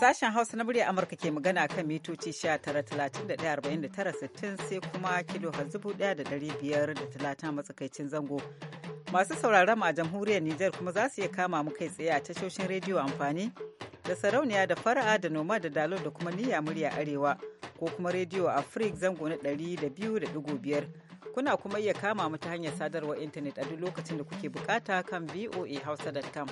Sashen Hausa na murya Amurka ke magana kan mitoci sittin sai kuma kilo talatin matsakaicin zango. Masu sauraron a jamhuriyar Nijar kuma za su iya kama mu kai tsaye a tashoshin rediyo amfani da sarauniya da fara'a da noma da dalo da kuma niyya murya arewa ko kuma rediyo a Freak zango na 200.5 kuna kuma iya kama mu ta hanyar sadarwar intanet a duk lokacin da kuke bukata kan voahausa.com.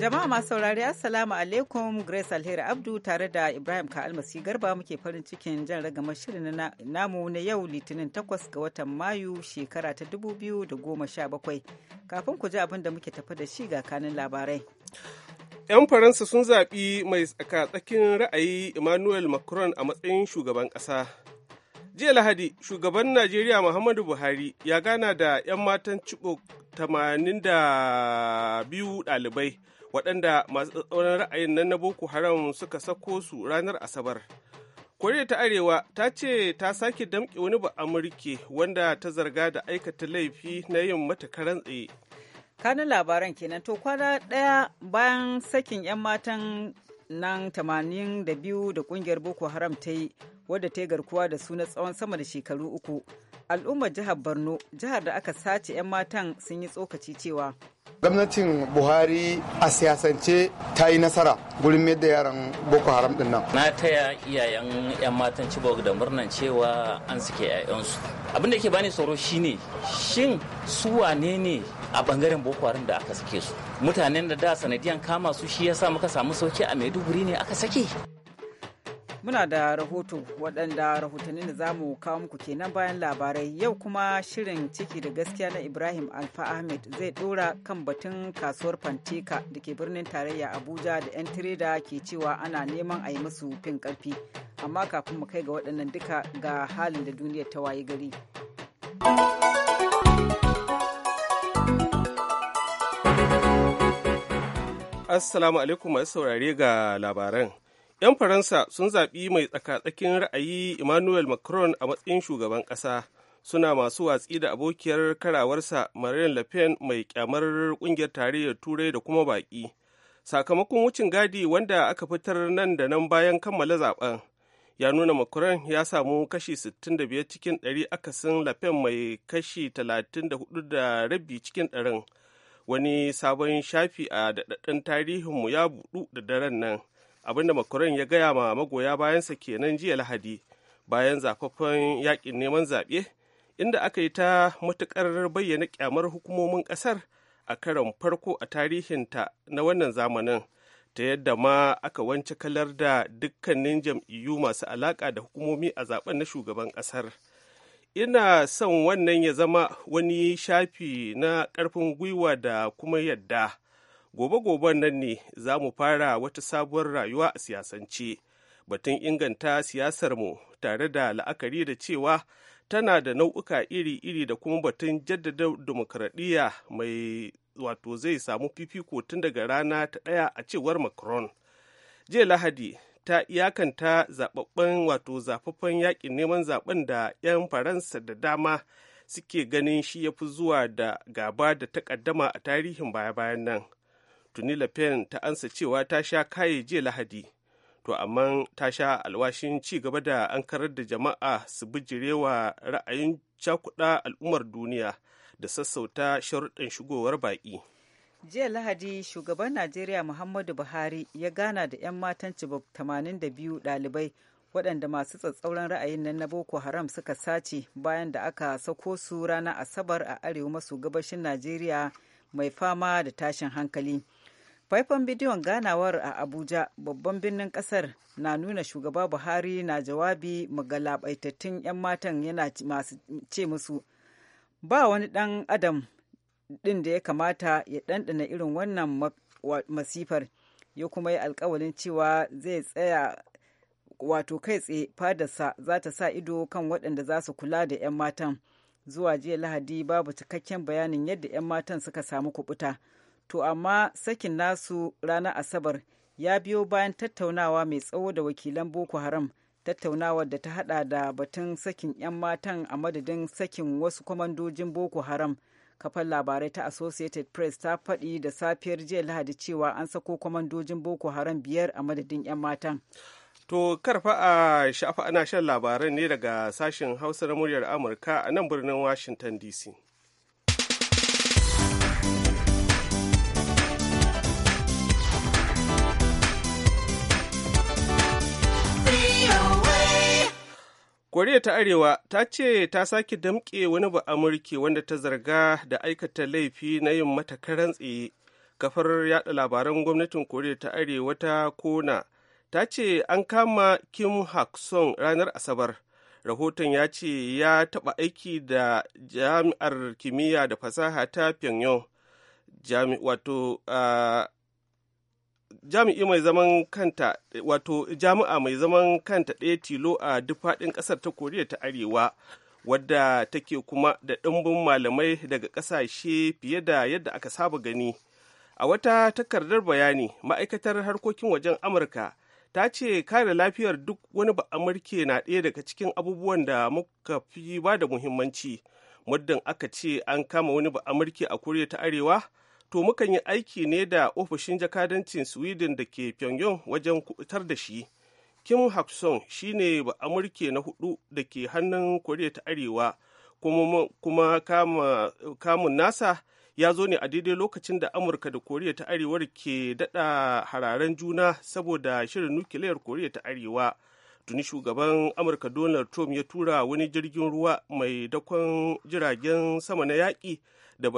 Jama'a masu saurari Assalamu alaikum Grace Alheri Abdu tare da Ibrahim Ka'almasi Garba muke farin cikin jan ragamar shirin namu na yau Litinin 8 ga watan Mayu shekara ta 2017. Kafin ku ji abin da muke tafi da shi ga kanin labarai. 'Yan Faransa sun zaɓi mai tsakatsakin ra'ayi Emmanuel Macron a matsayin shugaban ƙasa. Jiya Lahadi, shugaban Najeriya Muhammadu Buhari ya gana da 'yan matan Chibok 82 ɗalibai waɗanda masu tsatsauran ra'ayin nan na Boko Haram suka sako su ranar Asabar. koriya ta arewa ta ce ta sake damƙe wani ba amurke wanda ta zarga da aikata laifi na yin matakaran tsaye kanin labaran kenan to kwana daya bayan sakin 'yan matan nan 82 da kungiyar boko haram ta yi wadda ta yi garkuwa da su na tsawon sama da shekaru uku al'ummar jihar borno jihar da aka sace 'yan matan sun yi tsokaci cewa gwamnatin buhari a siyasance ta yi nasara gurin mai da yaran boko haram din nan na taya iyayen 'yan matan cibok da murnan cewa an suke 'ya'yansu abin da ke bani tsoro shine shin su wane ne a bangaren boko haram da aka sake su mutanen da da sanadiyan kama su shi yasa muka samu sauki a maiduguri ne aka sake muna da rahoto waɗanda rahotanni da za kawo muku kenan bayan labarai yau kuma shirin ciki da gaskiya na ibrahim alfa ahmed zai ɗora kan batun kasuwar fantika da ke birnin tarayya abuja da 'yan tireda ke cewa ana neman a yi musu fin ƙarfi amma kafin mu kai ga waɗannan duka ga halin da duniya ta waye gari Assalamu alaikum masu saurare ga labaran. 'Yan Faransa sun zaɓi mai tsaka-tsakin ra'ayi Emmanuel Macron a matsayin shugaban ƙasa. Suna masu watsi da abokiyar karawarsa Marine Le Pen mai kyamar ƙungiyar tarayyar Turai da kuma baƙi. Sakamakon wucin gadi wanda aka fitar nan da nan bayan kammala zaben ya nuna Macron ya samu kashi 65 cikin 100 akasin Le Pen mai kashi 34 da rabi cikin ɗarin. wani sabon shafi a daɗaɗɗen tarihinmu ya buɗu da daren nan abinda makurin ya gaya ma magoya bayansa kenan jiya lahadi bayan zafaffen yakin neman zaɓe inda aka yi ta matuƙar bayyana ƙyamar hukumomin ƙasar a karon farko a tarihinta na wannan zamanin ta yadda ma aka wance kalar da dukkanin jam'iyyu masu alaƙa da hukumomi a zaben na shugaban ƙasar. ina son wannan ya zama wani shafi na ƙarfin gwiwa da kuma yadda gobe-goben nan ne za mu fara wata sabuwar rayuwa a siyasance batun inganta siyasarmu tare da la'akari da cewa tana da nau'uka iri-iri da kuma batun jaddada demokradiyya mai wato zai samu fifiko tun daga rana ta ɗaya a cewar macron jiya lahadi ta iyakanta zababben wato zafaffen yaƙin neman zaɓen da 'yan faransa da dama suke ganin shi ya fi zuwa da gaba da takaddama a tarihin baya-bayan nan tuni le ta ansa cewa ta sha kaye jiya lahadi to amma ta sha alwashin ci gaba da an karar da jama'a su bijirewa ra'ayin cakuɗa al'ummar duniya da sassauta sharuɗin shigowar baƙi. jiya lahadi shugaban najeriya muhammadu buhari ya gana da 'yan matan cibok 82 dalibai, waɗanda masu tsatsauran ra'ayin nan na boko haram suka sace bayan da aka sako su ranar asabar a arewa maso gabashin najeriya mai fama da tashin hankali faifan bidiyon ganawar a abuja babban birnin ƙasar, na nuna shugaba buhari na jawabi magalabaitattun 'yan matan yana ce musu ba wani ɗan adam ɗin da ya kamata ya ɗanɗana irin wannan masifar ya kuma yi alkawalin cewa zai tsaya wato kai tsaye fadarsa za ta sa ido kan waɗanda za su kula da 'yan matan zuwa jiya lahadi babu cikakken bayanin yadda 'yan matan suka samu kubuta to amma sakin nasu ranar asabar ya biyo bayan tattaunawa mai tsawo da wakilan boko haram tattaunawar da ta hada da batun sakin 'yan matan a madadin sakin wasu kwamandojin boko haram kafar labarai ta associated press ta faɗi da safiyar jiya lahadi cewa an sako kwamandojin boko haram biyar a madadin 'yan matan to karfa a shafa ana shan labaran ne daga sashen hausa na muryar amurka a nan birnin washington dc koriya ta arewa ta ce ta sake damƙe wani ba amurki wanda ta zarga da aikata laifi na yin mata karan tsaye kafar yada labaran gwamnatin koriya ta arewa ta kona ta ce an kama kim hak ranar asabar rahoton ya ce ya taɓa aiki da jami'ar kimiyya da fasaha ta pyongyang wato ah, jami'i mai zaman kanta wato jami'a mai zaman kanta ɗaya tilo a duk faɗin ƙasar ta koriya ta arewa wadda take kuma da ɗimbin malamai daga ƙasashe fiye da yadda aka saba gani a wata takardar bayani ma'aikatar harkokin wajen amurka ta ce kare lafiyar duk wani ba'amurke na ɗaya daga cikin abubuwan da muka fi ba da muhimmanci muddin aka ce an kama wani ba'amurke a koriya ta arewa to mukan yi aiki ne da ofishin jakadancin sweden da ke pyongyang wajen kutar da shi kim hakson shine ba amurke na hudu da ke hannun koriya ta arewa kuma, kamun nasa ya zo ne a daidai lokacin da amurka da koriya ta arewar ke dada hararen juna saboda shirin nukiliyar koriya ta arewa tuni shugaban amurka donald trump ya tura wani jirgin ruwa mai dakon jiragen sama na yaƙi da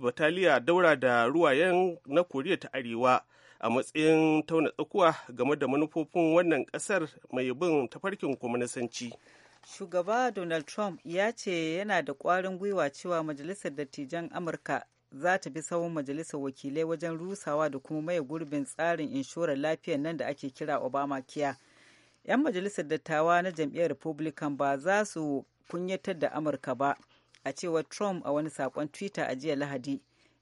bataliya daura da ruwayen na koriya ta arewa a matsayin tauna tsakuwa game da manufofin wannan kasar mai bin tafarkin kwamnisanci shugaba donald trump ya ce yana da kwarin gwiwa cewa majalisar dattijan amurka za ta bi sawun majalisar wakilai wajen rusawa da kuma maye gurbin tsarin inshorar lafiyar nan da ake kira obamacare 'yan majalisar dattawa na jam'iyyar republican ba za su kunyatar da amurka ba a cewar Trump a wani sakon Twitter a jiya Lahadi,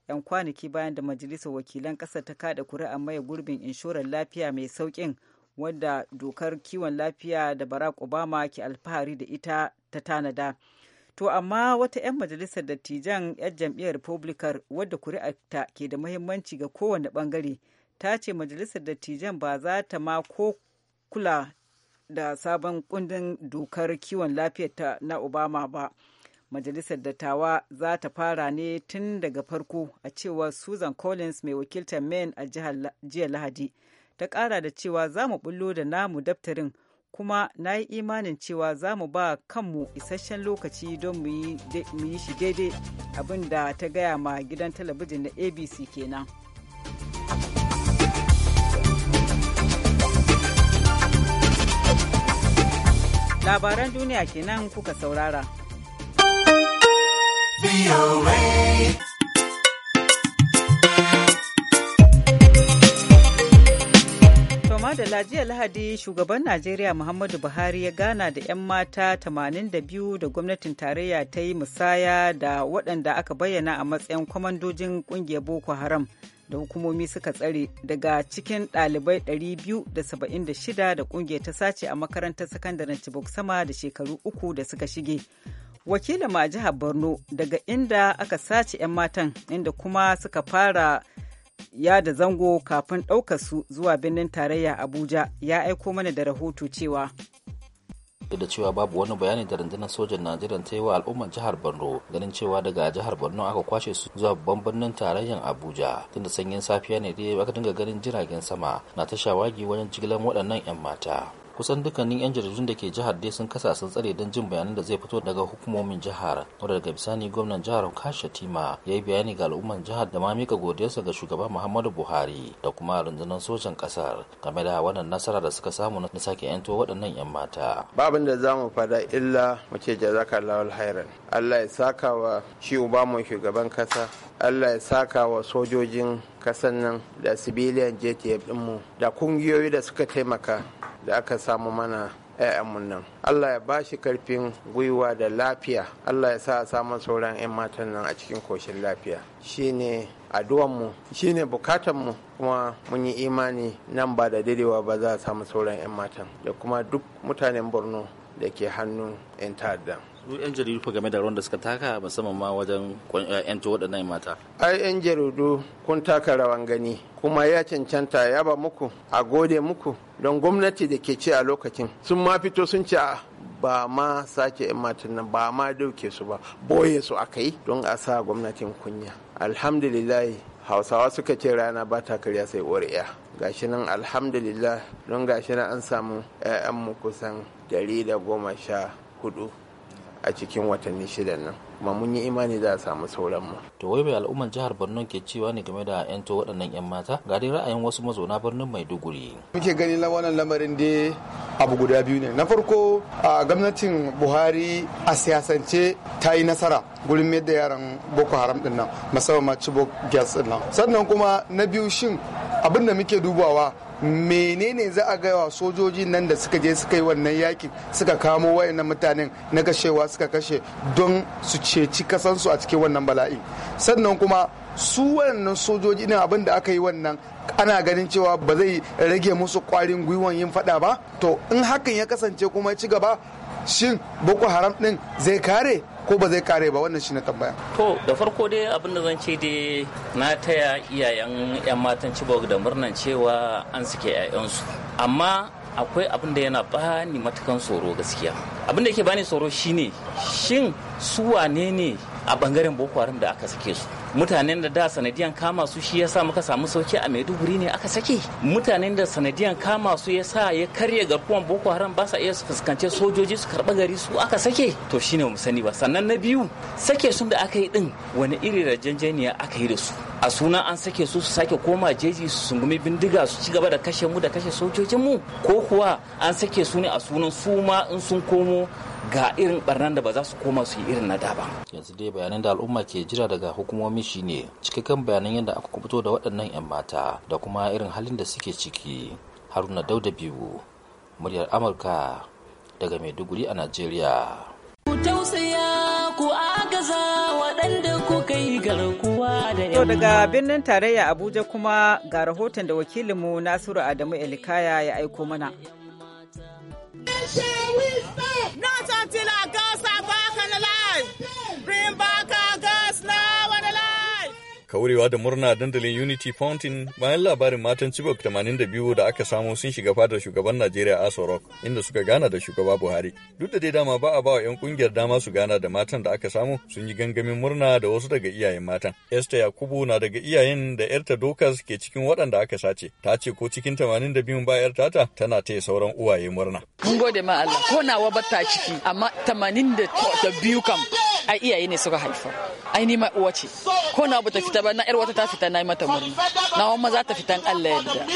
'yan kwanaki bayan da Majalisar Wakilan ƙasar ta kada kuri'a maye gurbin inshorar lafiya mai sauƙin wadda dokar kiwon lafiya da Barack Obama ke alfahari da ita ta tanada. To amma wata 'yan majalisar dattijan 'yan jam'iyyar Republican wadda kuri'arta ke da muhimmanci ga kowane bangare ta ce majalisar dattijan ba za ta ma ko kula da sabon kundin dokar kiwon lafiya na Obama ba. majalisar dattawa za ta fara ne tun daga farko a cewa susan collins mai wakiltar maine a jiya lahadi ta ƙara da cewa za mu bullo da namu daftarin kuma na yi imanin cewa za mu ba kanmu isasshen lokaci don mu yi shi daidai abin da ta gaya ma gidan talabijin na abc kenan labaran duniya kenan kuka saurara da jiya lahadi shugaban najeriya muhammadu buhari ya gana da 'yan mata 82 da gwamnatin tarayya ta yi musaya da waɗanda aka bayyana a matsayin kwamandojin ƙungiyar boko haram da hukumomi suka tsare daga cikin ɗalibai 276 da ƙungiyar ta sace a makarantar sakandaren chibok sama da shekaru uku da suka shige wakilin ma jihar borno daga inda aka sace 'yan matan inda kuma suka fara yada zango kafin ɗaukar su zuwa birnin tarayya abuja ya aiko mana da rahoto cewa da cewa babu wani bayani da rundunar sojan najeriya ta yi wa al'ummar jihar borno ganin cewa daga jihar borno aka kwashe su zuwa babban birnin tarayyar abuja tunda sanyin safiya ne dai aka dinga ganin jiragen sama na ta shawagi wajen jigilan waɗannan 'yan mata kusan dukkanin yan jaridun da ke jihar dai sun kasa sun tsare don jin bayanan da zai fito daga hukumomin jihar wanda daga bisani gwamnan jihar Tima ya yi bayani ga al'umman jihar da ma mika godiyarsa ga shugaba muhammadu buhari da kuma rundunar sojan kasar game da wannan nasara da suka samu na sake yanto waɗannan yan mata babin da za mu fada illa mu ce lawal alhairan allah ya saka wa shi mu shugaban kasa allah ya saka wa sojojin kasan nan da civilian jtf dinmu da kungiyoyi da suka taimaka da aka samu mana 'ya'yanmu nan allah ya bashi karfin gwiwa da lafiya allah ya sa a samu sauran 'yan matan nan a cikin koshin lafiya shine addu'anmu shine bukatanmu kuma mun yi imani nan ba da daidaiwa ba za a samu sauran 'yan matan da kuma duk mutanen borno da ke hannun 'yan ta'adda yan jaridu fa game da rawan da suka taka musamman ma wajen yanto eh, waɗannan mata ai yan jaridu kun taka rawan gani kuma ya cancanta ya ba muku a gode muku don gwamnati da ke ce a lokacin sun ma fito sun ce a ah, ba ma sake 'yan matan nan ba ma dauke su ba boye su aka yi don a sa gwamnatin kunya alhamdulillah hausawa suka ce rana ba ta karya sai ƙuri'a gashi nan alhamdulillah don gashi nan an samu mu kusan goma sha 114 a cikin watanni shidan nan kuma mun yi imani za a samu sauran mu. To wai bai al'ummar jihar Borno ke cewa ne game da 'yanto waɗannan 'yan mata ga dai ra'ayin wasu mazauna birnin Maiduguri. Muke ganin wannan lamarin da abu guda biyu ne. Na farko a gwamnatin Buhari a siyasance ta yi nasara gurin mai da yaran Boko Haram din nan musamman ma Chibok gas din nan. Sannan kuma na biyu shin abin da muke dubawa menene za a gaya wa sojojin nan da suka je suka yi wannan yakin suka kamo wayannan mutanen na kashewa suka kashe don su ceci kasansu a cikin wannan bala'i? sannan kuma su wannan sojoji ne abin da aka yi wannan ana ganin cewa ba zai rage musu kwarin gwiwan yin fada ba to in hakan ya kasance kuma ci gaba shin boko haram din zai kare ko ba zai kare ba wannan shine tambaya to da farko dai abin da zan ce dai na taya iyayen yan matan cibok da murnan cewa an suke yayansu amma akwai abin da yana bani matukan tsoro gaskiya abin da yake bani tsoro shine shin su wane ne a bangaren boko haram da aka sake su mutanen da da sanadiyan kama su shi yasa muka samu sauki a maiduguri ne aka sake mutanen da sanadiyan kama su yasa ya karya garkuwan boko haram ba sa iya su fuskance sojoji su karba gari su aka sake to shine mu sani ba sannan na biyu sake sun da aka yi din wani iri da janjaniya aka yi da su a suna an sake su su sake koma jeji su sungumi bindiga su ci gaba da kashe mu da kashe sojojin mu ko kuwa an sake su ne a sunan su ma in sun komo ga irin barnan da ba za su koma su yi irin na da ba yanzu dai bayanan da al'umma ke jira daga hukumomi shine cikakken bayanan yadda aka kubuto da waɗannan 'yan mata da kuma irin halin da suke ciki haruna dauda biyu muryar amurka daga maiduguri a najeriya tausaya yau daga birnin tarayya abuja kuma ga rahoton da wakilinmu nasiru adamu elikaya ya aiko mana kaurewa da murna dandalin Unity Fountain bayan labarin matan Chibok 82 da aka samu sun shiga fadar shugaban Najeriya Aso Rock inda suka gana da shugaba Buhari. Duk da dai dama ba a ba wa 'yan kungiyar dama su gana da matan da aka samu, sun yi gangamin murna da wasu daga iyayen matan. Esther Yakubu na daga iyayen da 'yarta Dokas ke cikin waɗanda aka sace. Ta ce ko cikin 82 ba 'yar tata tana taya sauran uwaye murna. Mun gode ma Allah ko nawa ba ta ciki amma 82 kam ai iyaye ne suka haifa ai ni uwa ce ko na ba ta fita ba na yar wata ta fita na yi mata murna na wani maza ta fitan Allah yadda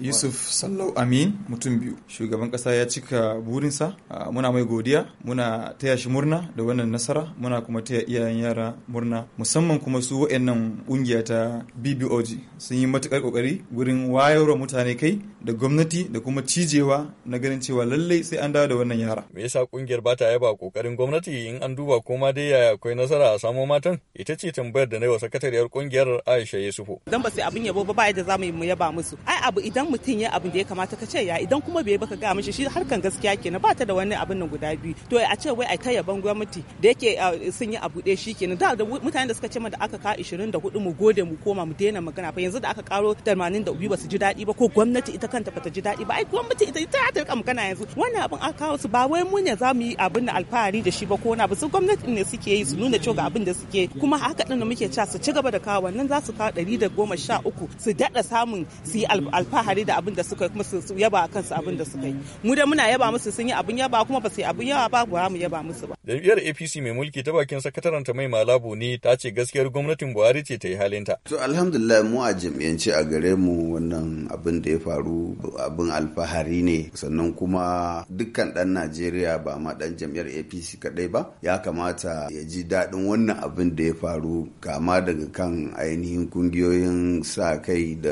Yusuf Sallau Amin mutum biyu shugaban kasa ya cika burinsa muna mai godiya muna taya shi murna da wannan nasara muna kuma taya iyayen yara murna musamman kuma su wa'annan kungiya ta BBOG sun yi matukar kokari gurin wa mutane kai da gwamnati da kuma cijewa na ganin cewa lallai sai an dawo da wannan yara me yasa kungiyar ba ta yaba kokarin gwamnati in an duba ko kuma dai yaya akwai nasara a samo matan ita ce tambayar da na yi wa sakatariyar kungiyar Aisha Yusufu. Dan ba sai abin yabo ba ba da zamu yi mu yaba musu. Ai abu idan mutum ya abin da ya kamata ka ce ya idan kuma bai baka ga mishi shi harkan gaskiya kenan ba ta da wani abin nan guda biyu. To a ce wai a ta yaban gwamnati da yake sun yi abu ɗaya shikenan da mutanen da suka ce da aka ka 24 mu gode mu koma mu daina magana fa yanzu da aka karo 82 ba su ji daɗi ba ko gwamnati ita kanta ba ta ji daɗi ba ai gwamnati ita ta ta magana yanzu wannan abin aka kawo su ba wai mu ne za mu yi abin alfahari da shi ba ko na ba su gwamnati abin da suke yi su nuna cewa ga abin da suke kuma haka din da muke cewa su ci gaba da kawo wannan za su kawo ɗari da goma sha uku su daɗa samun su yi alfahari da abin da suka yi kuma su yaba a kansu abin da suka yi mu da muna yaba musu sun yi abin yaba kuma ba su yi abin yaba ba ba mu yaba musu ba. jam'iyyar apc mai mulki ta bakin sakataren ta mai malabo ne ta ce gaskiyar gwamnatin buhari ce ta yi halinta. to alhamdulillah mu a jam'iyyance a gare mu wannan abin da ya faru abin alfahari ne sannan kuma dukkan ɗan najeriya ba ma ɗan jam'iyyar apc kaɗai ba ya kamata kamata ya ji daɗin wannan abin da ya faru kama daga kan ainihin kungiyoyin sa kai da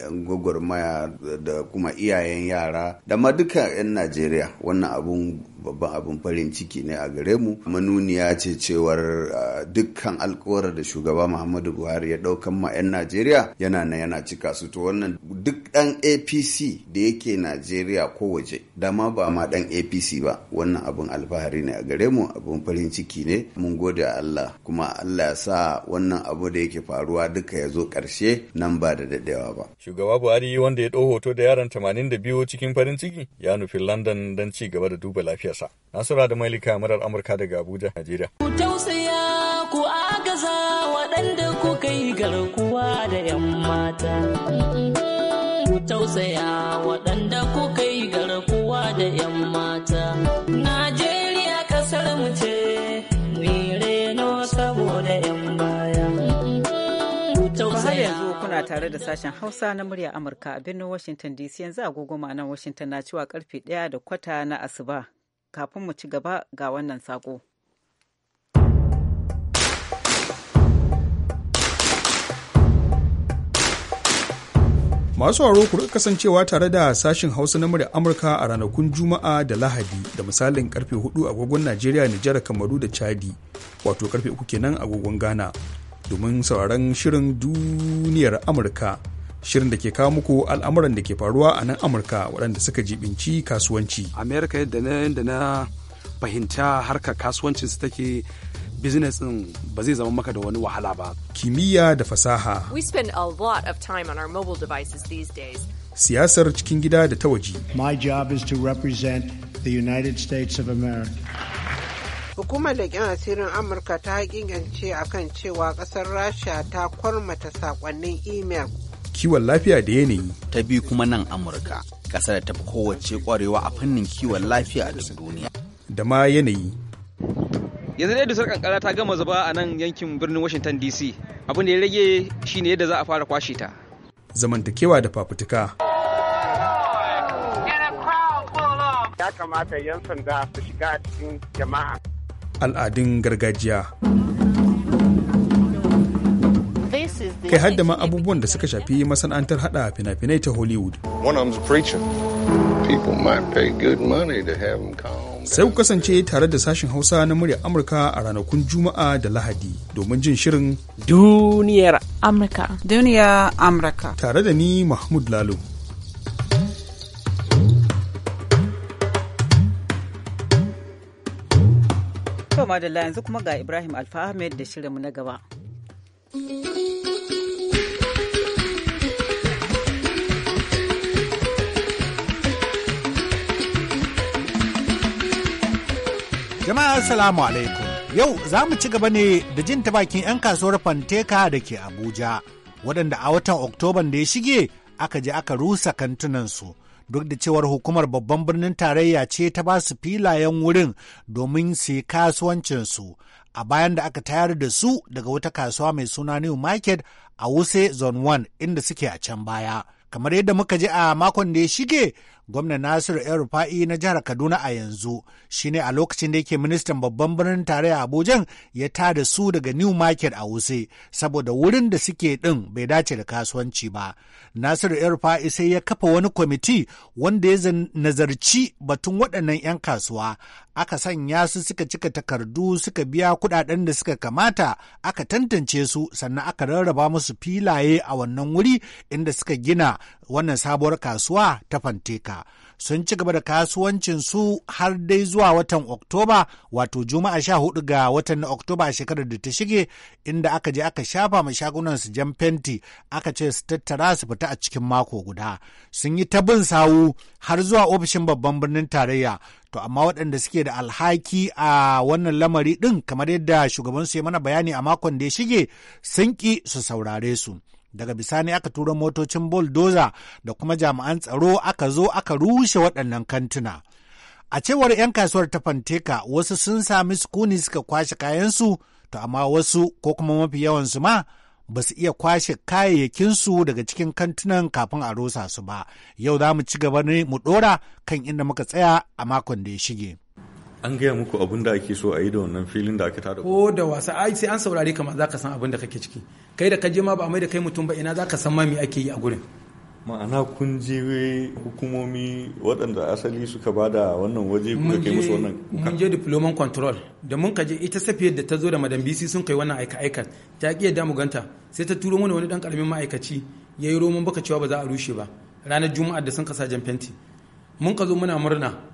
'yan gwagwarmaya da kuma iyayen yara da ma duka 'yan najeriya wannan abun babban abin farin ciki ne a gare mu manuniya ce cewar dukkan alkawarar da shugaba muhammadu buhari ya daukan ma 'yan najeriya yana na yana cika su to wannan duk dan apc da yake najeriya ko waje dama ba ma dan apc ba wannan abin alfahari ne a gare mu abin farin ciki ne mun gode allah kuma allah ya sa wannan abu da yake faruwa duka ya zo karshe nan ba da daɗewa ba shugaba buhari wanda ya ɗau hoto da yaran 82 cikin farin ciki ya nufi london don ci gaba da duba lafiya muryarsa. Nasura da Malika murar Amurka daga Abuja, Najeriya. Ku tausaya ku agaza waɗanda ku kai garkuwa da 'yan mata. Ku tausaya waɗanda ku kai garkuwa da 'yan mata. Najeriya ƙasar mu ce, mu reno saboda 'yan baya. Ku tausaya. kuna tare da sashen Hausa na murya Amurka a birnin Washington DC yanzu agogo nan Washington na cewa karfe 1 da kwata na asuba kafin mu ci gaba ga wannan sako. Masu haro ku kasancewa tare da sashin Hausa na murya Amurka a ranakun Juma'a da Lahadi da misalin karfe 4 agogon Najeriya, Nijar, Kamaru da Chadi, wato karfe 3 kenan agogon Ghana, domin sauraron shirin duniyar Amurka. shirin da ke kawo muku al'amuran da ke faruwa a nan amurka waɗanda suka jibinci kasuwanci amerika yadda na yadda na fahimta harkar kasuwancin su take business din ba zai zama maka da wani wahala ba kimiyya da fasaha we spend a lot of time on our mobile devices these days siyasar cikin gida da ta waje my job is to represent the united states of america hukumar leƙen asirin amurka ta hakingance akan cewa ƙasar rasha ta kwarmata sakonnin imel kiwon lafiya da yanayi. Ta bi kuma nan Amurka, ƙasa da ta fi kowace ƙwarewa a fannin kiwon lafiya a duk duniya. Da ma yanayi. Yanzu dai dusar kankara ta gama zuba a nan yankin birnin Washington DC. Abin da ya rage shine yadda za a fara kwashe ta. Zamantakewa da fafutuka. Ya kamata 'yan sanda su shiga cikin jama'a. Al'adun gargajiya. kai har da ma abubuwan da suka shafi masana'antar hada fina-finai ta hollywood sai ku kasance tare da sashen hausa na murya amurka a ranakun juma'a da lahadi domin jin shirin duniyar amurka duniyar amurka tare da ni mahmud lalo To da yanzu kuma ga Ibrahim Alfa Ahmed da shirinmu na gaba. Jama'a Assalamu alaikum. Yau za mu ci gaba ne da jin ta bakin 'yan kasuwar Fanteka da ke Abuja, waɗanda a watan Oktoban da ya shige aka je aka rusa kantunansu. Duk da cewar hukumar babban birnin tarayya ce ta ba su filayen wurin domin su yi kasuwancinsu. a bayan da aka tayar da su daga wata kasuwa mai suna New Market a Wuse Zone 1 inda suke a can baya. Kamar yadda muka ji a makon da ya shige, Gwamna nasiru yan rufa'i na jihar kaduna a yanzu shine a lokacin da yake ministan babban birnin tarayya abuja ya ta da su daga new market a wuse saboda wurin da suke din bai dace da kasuwanci ba nasiru yan rufa'i sai ya kafa wani kwamiti wanda ya nazarci batun waɗannan 'yan kasuwa aka sanya su suka cika takardu suka biya kuɗaɗen da suka kamata aka tantance su sannan aka rarraba musu filaye a wannan wuri inda suka gina wannan sabuwar kasuwa ta fanteka sun ci gaba da kasuwancin su har dai zuwa watan Oktoba, wato Juma'a sha hudu ga watan na Oktoba a shekarar da ta shige, inda aka je aka shafa ma shagunan su jan fenti, aka ce su tattara su fita a cikin mako guda. Sun yi ta bin sawu har zuwa ofishin babban birnin tarayya. to amma waɗanda suke da alhaki a wannan lamari ɗin kamar yadda shugabansu ya mana bayani a makon da ya shige sun ƙi su saurare su daga bisani aka tura motocin bulldozer da kuma jami'an tsaro aka zo aka rushe waɗannan kantuna a cewar 'yan kasuwar ta fanteka wasu sun sami sukuni suka kwashe kayansu to amma wasu ko kuma mafi yawansu ma ba su iya kwashe kayayyakinsu daga cikin kantunan kafin a rusa su ba yau za mu ci gaba ne mu ɗora kan inda muka tsaya a makon da ya shige. an gaya muku abin da ake so a yi da wannan filin da aka tada ko da wasa ai sai an saurare ka ma zaka san abin da kake ciki kai da ka je ma ba mai da kai mutum ba ina zaka san ma me ake yi a gurin ma'ana kun je hukumomi waɗanda asali suka ba da wannan waje kuma kai musu wannan kuka mun je diploman control da mun ka je ita safiyar da ta zo da madam bc sun kai wannan aika aika ta ki yadda mu ganta sai ta turo mana wani dan karamin ma'aikaci yayi romon baka cewa ba za a rushe ba ranar juma'ar da sun kasa jan fenti mun ka zo muna murna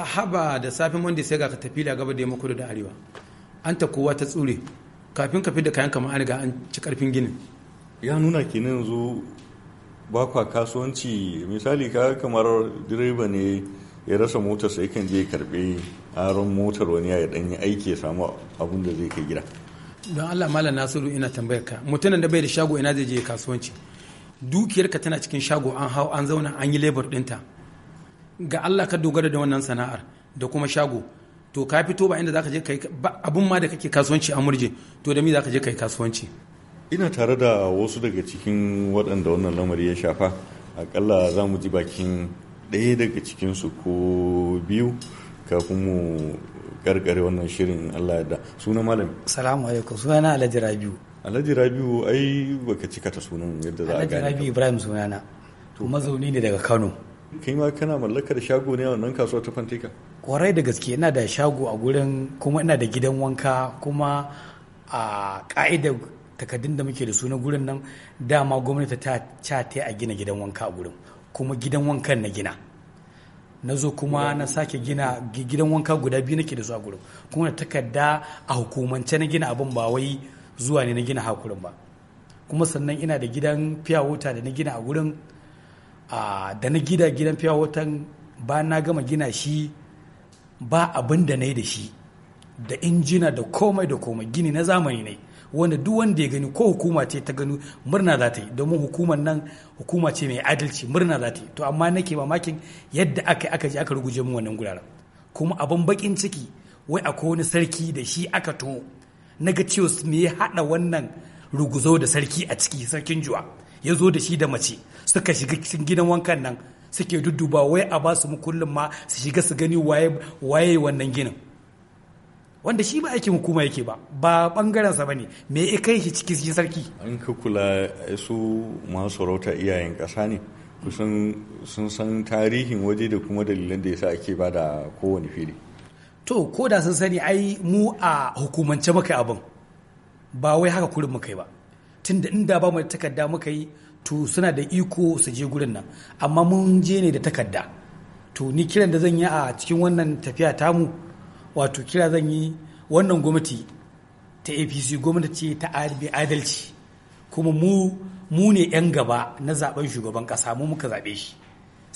a haba da safin wanda sai ga ka tafi da gaba da yamma da arewa an ta kowa ta tsure kafin ka da kayan kamar an riga an ci karfin ginin ya nuna nan yanzu ba kwa kasuwanci misali ka kamar direba ne ya rasa motar sai kan je karbe aron motar wani ya dan yi aiki ya samu abun da zai kai gida don Allah mala Nasiru ina tambayar ka mutumin da bai da shago ina zai je kasuwanci dukiyarka tana cikin shago an hau an zauna an yi lebur dinta ga Allah ka dogara da wannan sana'ar da kuma shago to ka fito ba inda zaka je kai abun ma da kake kasuwanci a murje to da mi zaka je kai kasuwanci ina tare da wasu daga cikin waɗanda wannan lamari ya shafa akalla za mu ji bakin ɗaya daga cikinsu ko biyu kafin mu karkare wannan shirin Allah ya da suna malami salamu alaikum sunana alhaji rabiu alhaji rabiu ai baka cika ta sunan yadda za a gane alhaji rabiu ibrahim sunana to mazauni ne daga kano kai ma kana mallakar shago ne wannan kasuwa ta fantika kwarai da gaske ina da shago a gurin kuma ina da gidan wanka kuma a ka'idar takardun da muke da su na gurin nan dama gwamnati ta cate a gina gidan wanka a gurin kuma gidan wankan na gina na zo kuma na sake gina gidan wanka guda biyu nake da su a gurin kuma takarda a hukumance na gina abin ba wai zuwa ne na gina hakurin ba kuma sannan ina da gidan fiya wuta da na gina a gurin da na gida gidan fiya watan ba na gama gina shi ba abin da na yi da shi da injina da komai da komai gini na zamani ne wanda duk wanda ya gani ko hukuma ce ta gani murna za ta yi domin hukumar nan hukuma ce mai adalci murna za ta yi to amma nake mamakin yadda aka aka je aka ruguje mu wannan guraren kuma abin bakin ciki wai akwai wani sarki da shi aka to na ga cewa me ya hada wannan ruguzo da sarki a ciki sarkin juwa ya zo da shi da mace suka shiga cikin gidan wankan nan suke dudduba wai a ba su mukullin ma su shiga su gani waye waye wannan ginin wanda shi ba aikin hukuma yake ba ba bangaren ba ne me ya kai shi cikin shi sarki an ka kula su masu sarauta iyayen kasa ne kusan sun san tarihin waje da kuma dalilan da yasa ake ba da kowane fili to ko da sun sani ai mu a hukumance muka abin ba wai haka kurin muka kai ba da inda ba mu da takarda muka yi to suna da iko su je gurin nan amma mun je ne da takarda to ni kiran da zan yi a cikin wannan tafiya tamu wato kira zan yi wannan gwamnati ta apc gwamnati ce ta adalci kuma mu mu ne 'yan gaba na zaben shugaban kasa mu muka zaɓe shi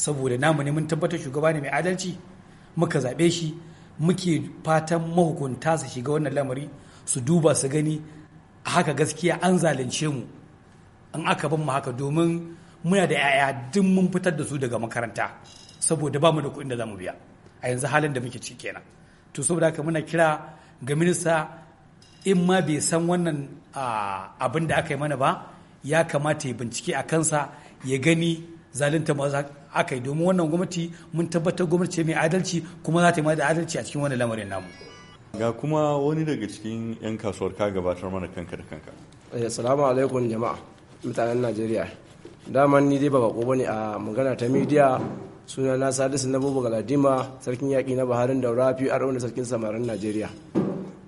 saboda namu ne mun tabbatar shugaba ne mai adalci muka zaɓe shi muke fatan mahukunta su shiga wannan lamari su duba su gani A haka gaskiya an zalunce mu in aka ban mu haka domin muna da 'ya'ya duk mun fitar da su daga makaranta saboda ba mu da kuɗin da za mu biya a yanzu halin da muke ci kenan to saboda haka muna kira ga minista in ma bai san wannan abin da aka yi mana ba ya kamata ya bincike a kansa ya gani zalunta ma aka yi domin wannan gwamnati mun tabbatar gwamnati mai adalci kuma za ta yi ma da adalci a cikin wannan lamarin namu. ga kuma wani daga cikin 'yan kasuwar ka gabatar mana kanka da kanka eh, assalamu alaikum jama'a mutanen najeriya daman ni dai ba ba ne a magana ta midiya suna na sadis na bubu galadima sarkin yaƙi na baharin daura fi a da sarkin samarin najeriya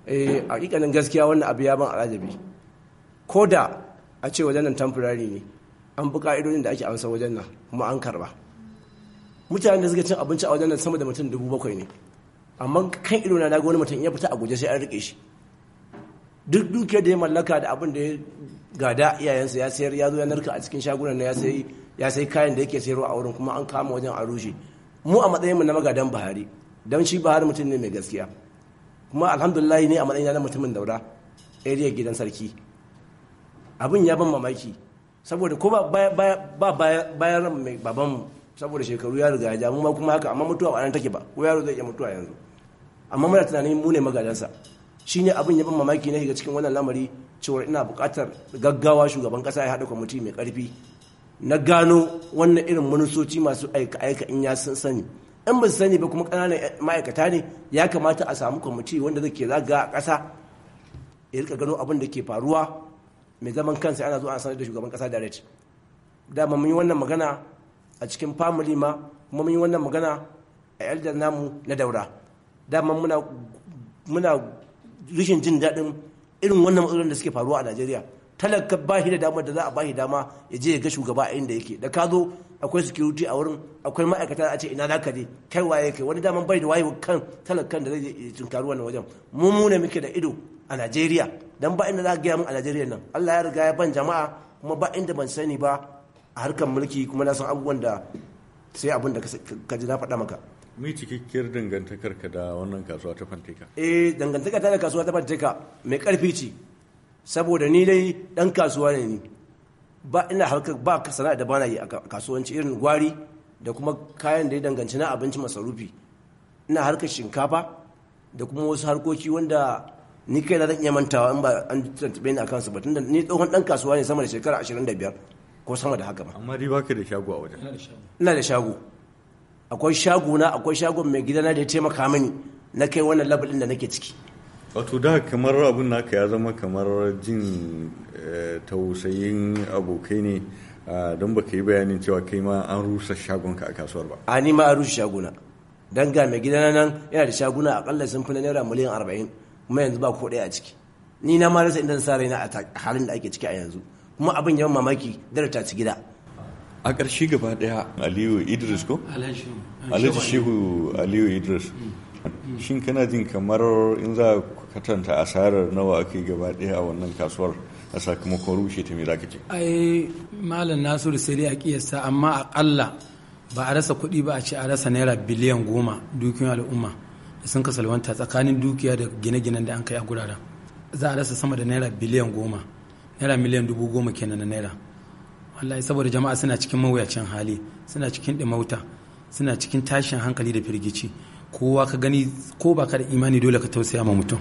A eh, hakikanin gaskiya wannan abu ya ban alajabi ko da a ce wajen nan tamfurari ne an bi ka'idodin da ake amsa wajen nan kuma an karba mutanen da suka cin abinci a wajen nan sama da mutum dubu bakwai ne amma kan ido na ga wani mutum ya fita a guje sai an rike shi duk dukiyar da ya mallaka da abin da ya gada iyayensa ya sayar ya zo ya narka a cikin shagunan na ya sayi kayan da yake sayarwa a wurin kuma an kama wajen a rushe mu a matsayin mu na magadan bahari don shi bahari mutum ne mai gaskiya kuma alhamdulillah ne a matsayin na mutumin daura area gidan sarki abin ya ban mamaki saboda ko ba bayan mai babanmu saboda shekaru ya riga ya mu ma kuma haka amma mutuwa ba nan take ba ko yaro zai iya mutuwa yanzu amma muna tunanin mu ne shi ne abin ya ban mamaki ne ga cikin wannan lamari cewa ina bukatar gaggawa shugaban kasa ya haɗa kwamiti mai karfi na gano wannan irin manusoci masu aika-aika in ya sun sani in ba su sani ba kuma ƙananan ma'aikata ne ya kamata a samu kwamiti wanda zai ke zaga a ƙasa ya rika gano abin da ke faruwa mai zaman kansa ana zuwa a sanar da shugaban ƙasa direct dama mun yi wannan magana a cikin family ma kuma mun yi wannan magana a yaldar namu na daura dama muna muna rishin jin daɗin irin wannan matsalolin da suke faruwa a Najeriya talaka ba shi da damar da za a ba shi dama ya je ya ga shugaba a inda yake da ka zo akwai security a wurin akwai ma'aikata a ce ina za ka je kai waye kai wani damar bai da waye kan talakan da zai je tunkari wannan wajen mu mu ne muke da ido a Najeriya dan ba inda za ka gaya mun a Najeriya nan Allah ya riga ya ban jama'a kuma ba inda ban sani ba a harkar mulki kuma na san abubuwan da sai abin da ka ji na faɗa maka mai cikakkiyar dangantakar ka da wannan kasuwa ta fanteka eh dangantaka ta da kasuwa ta fanteka mai karfi ce saboda ni dai dan kasuwa ne ni ba ina harkar ba sana'a da bana yi a kasuwanci irin gwari da kuma kayan da ya danganci na abinci masarufi ina harkar shinkafa da kuma wasu harkoki wanda ni kai na zan iya mantawa in ba an tantube ni akan su ba tunda ni tsohon dan kasuwa ne sama da shekara 25 ko sama da haka ba amma dai baka da shago a wajen ina da shago akwai shaguna akwai shagon mai gidana da ya taimaka mini na kai wannan labalin da nake ciki wato da kamar abun naka ya zama kamar jin eh, tausayin abokai ne ah, don baka yi bayanin cewa kai ma an rusa ka a kasuwar ba a ni ma an rusa shaguna don ga mai gidana nan yana da shaguna akalla sun fi na naira miliyan arba'in kuma yanzu ba ko ɗaya a ciki ni na ma rasa inda na sa raina a halin da ake ciki a yanzu kuma abin yawan mamaki dare ta ci gida a ƙarshe gaba ɗaya aliyu idris ko alhaji shehu aliyu idris shin kana jin kamar in za a katanta asarar nawa ake gaba ɗaya a wannan kasuwar a sakamakon rushe ta me za ka ce ai malam nasiru sai dai a kiyasta amma aƙalla ba a rasa kuɗi ba a ce a rasa naira biliyan goma dukiyar al'umma da sun kasalwanta tsakanin dukiya da gine-ginen da an kai a guraren za a rasa sama da naira biliyan goma naira miliyan dubu goma kenan na naira wallahi saboda jama'a suna cikin mawuyacin hali suna cikin ɗimauta suna cikin tashin hankali da firgici kowa ka gani ko ba da imani dole ka tausaya ma mutum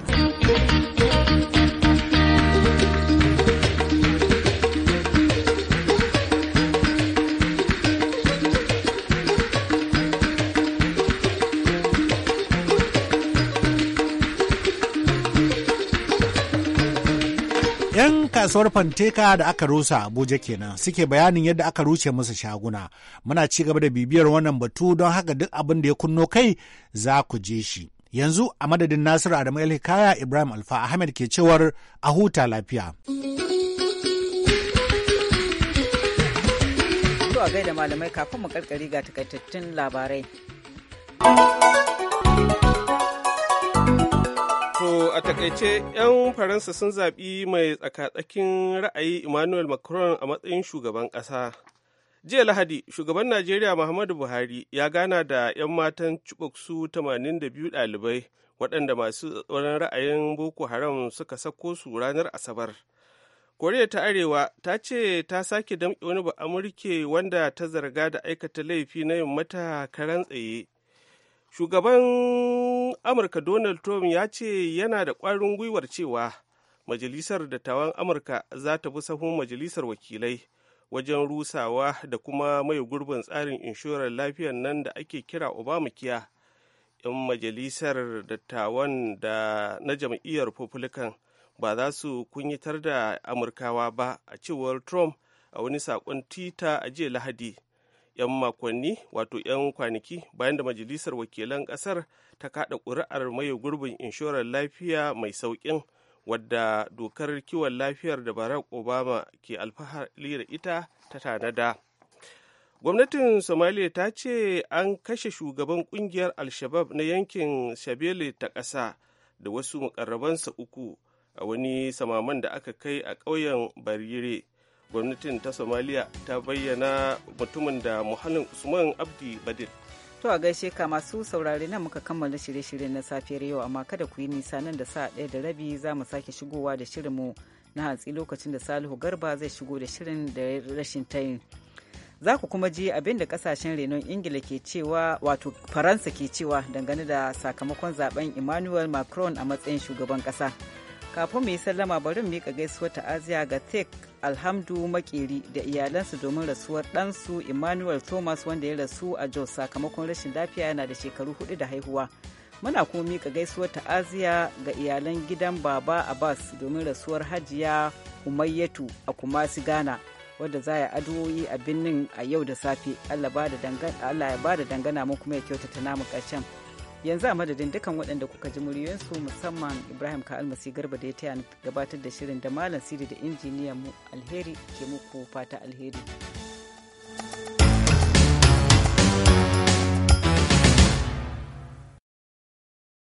kasuwar Fanteka da aka rusa Abuja kenan suke bayanin yadda aka rushe musu shaguna. Muna ci gaba da bibiyar wannan batu don haka duk abin da ya kunno kai za ku je shi. Yanzu a madadin Nasiru Adamu Hikaya Ibrahim Alfa Ahmed ke cewar a huta lafiya. Zuwa gaida malamai kafin mu karkari ga takaitattun labarai. To a takaice 'yan Faransa sun zaɓi mai tsakatsakin ra'ayi Emmanuel Macron a matsayin shugaban ƙasa. Jiya Lahadi, shugaban Najeriya Muhammadu Buhari ya gana da 'yan matan Chibok su 82 ɗalibai waɗanda masu tsoron ra'ayin Boko Haram suka sako su ranar Asabar. Koriya ta Arewa ta ce ta sake damƙe wani ba Amurke wanda ta zarga da aikata laifi na yin mata karan tsaye. shugaban amurka donald trump ya ce yana da ƙwarin gwiwar cewa majalisar dattawan amurka za ta bi sahun majalisar wakilai wajen rusawa da kuma mai gurbin tsarin inshorar lafiyar nan da ake kira obamakiya yan majalisar dattawan da na jam'iyyar republican ba za su kunyitar da amurkawa ba a cewar trump a wani saƙon tita a jiya lahadi 'yan makonni wato 'yan kwanaki bayan da majalisar wakilan kasar ta kada ƙuri'ar maye gurbin inshorar lafiya mai sauƙin wadda dokar kiwon lafiyar da barack obama ke alfahari da ita ta tanada gwamnatin Somalia ta ce an kashe shugaban kungiyar al-shabab na yankin shabele ta ƙasa da wasu mukarrabansa uku a wani samaman da aka kai a ƙauyen barire gwamnatin ta somaliya ta bayyana mutumin da muhallin usman abdi badil to a gaishe ka masu saurare nan muka kammala shirye-shiryen na safiyar yau amma kada ku yi nisa nan da sa ɗaya da rabi za mu sake shigowa da shirin mu na hantsi lokacin da salihu garba zai shigo da shirin da rashin tayin za ku kuma ji abin da kasashen renon ingila ke cewa wato faransa ke cewa dangane da sakamakon zaben emmanuel macron a matsayin shugaban kasa kafin mu yi sallama bari mu miƙa gaisuwar ta'aziya ga tek alhamdu makeri da iyalansa domin rasuwar ɗansu emmanuel thomas wanda ya rasu a jos sakamakon rashin lafiya yana da shekaru hudu da haihuwa muna kuma mika gaisuwar ta'aziya ga iyalan gidan baba abbas domin rasuwar hajiya umayyatu a kumasi ghana wadda za a addu'o'i a birnin a yau da safe allah ya ba da dangana mu kuma ya kyautata namu ƙarshen yanzu a madadin dukan waɗanda kuka ji muryoyinsu musamman ibrahim ka almasi garba da ya taya gabatar da shirin da malam siri da injiniyan mu alheri ke muku fata alheri